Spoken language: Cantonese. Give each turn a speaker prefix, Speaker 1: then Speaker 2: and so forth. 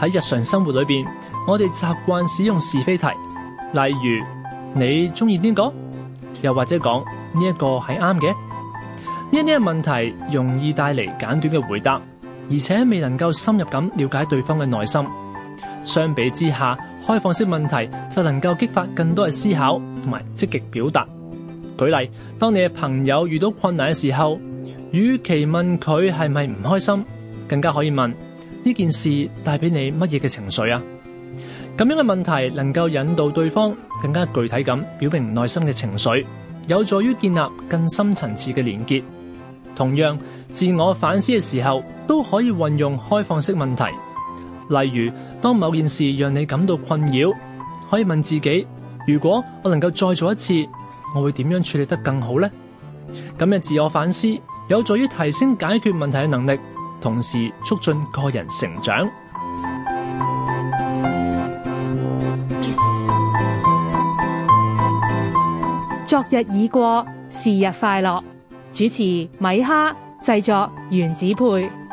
Speaker 1: 喺日常生活裏邊，我哋習慣使用是非題，例如你中意邊個，又或者講呢一個係啱嘅。呢啲嘅問題容易帶嚟簡短嘅回答，而且未能夠深入咁了解對方嘅內心。相比之下，開放式問題就能夠激發更多嘅思考同埋積極表達。舉例，當你嘅朋友遇到困難嘅時候，與其問佢係咪唔開心，更加可以問。呢件事帶俾你乜嘢嘅情緒啊？咁樣嘅問題能夠引導對方更加具體咁表明內心嘅情緒，有助於建立更深層次嘅連結。同樣，自我反思嘅時候都可以運用開放式問題，例如當某件事讓你感到困擾，可以問自己：如果我能夠再做一次，我會點樣處理得更好呢？咁樣自我反思有助於提升解決問題嘅能力。同時促進個人成長。
Speaker 2: 昨日已過，是日快樂。主持米哈，製作原子配。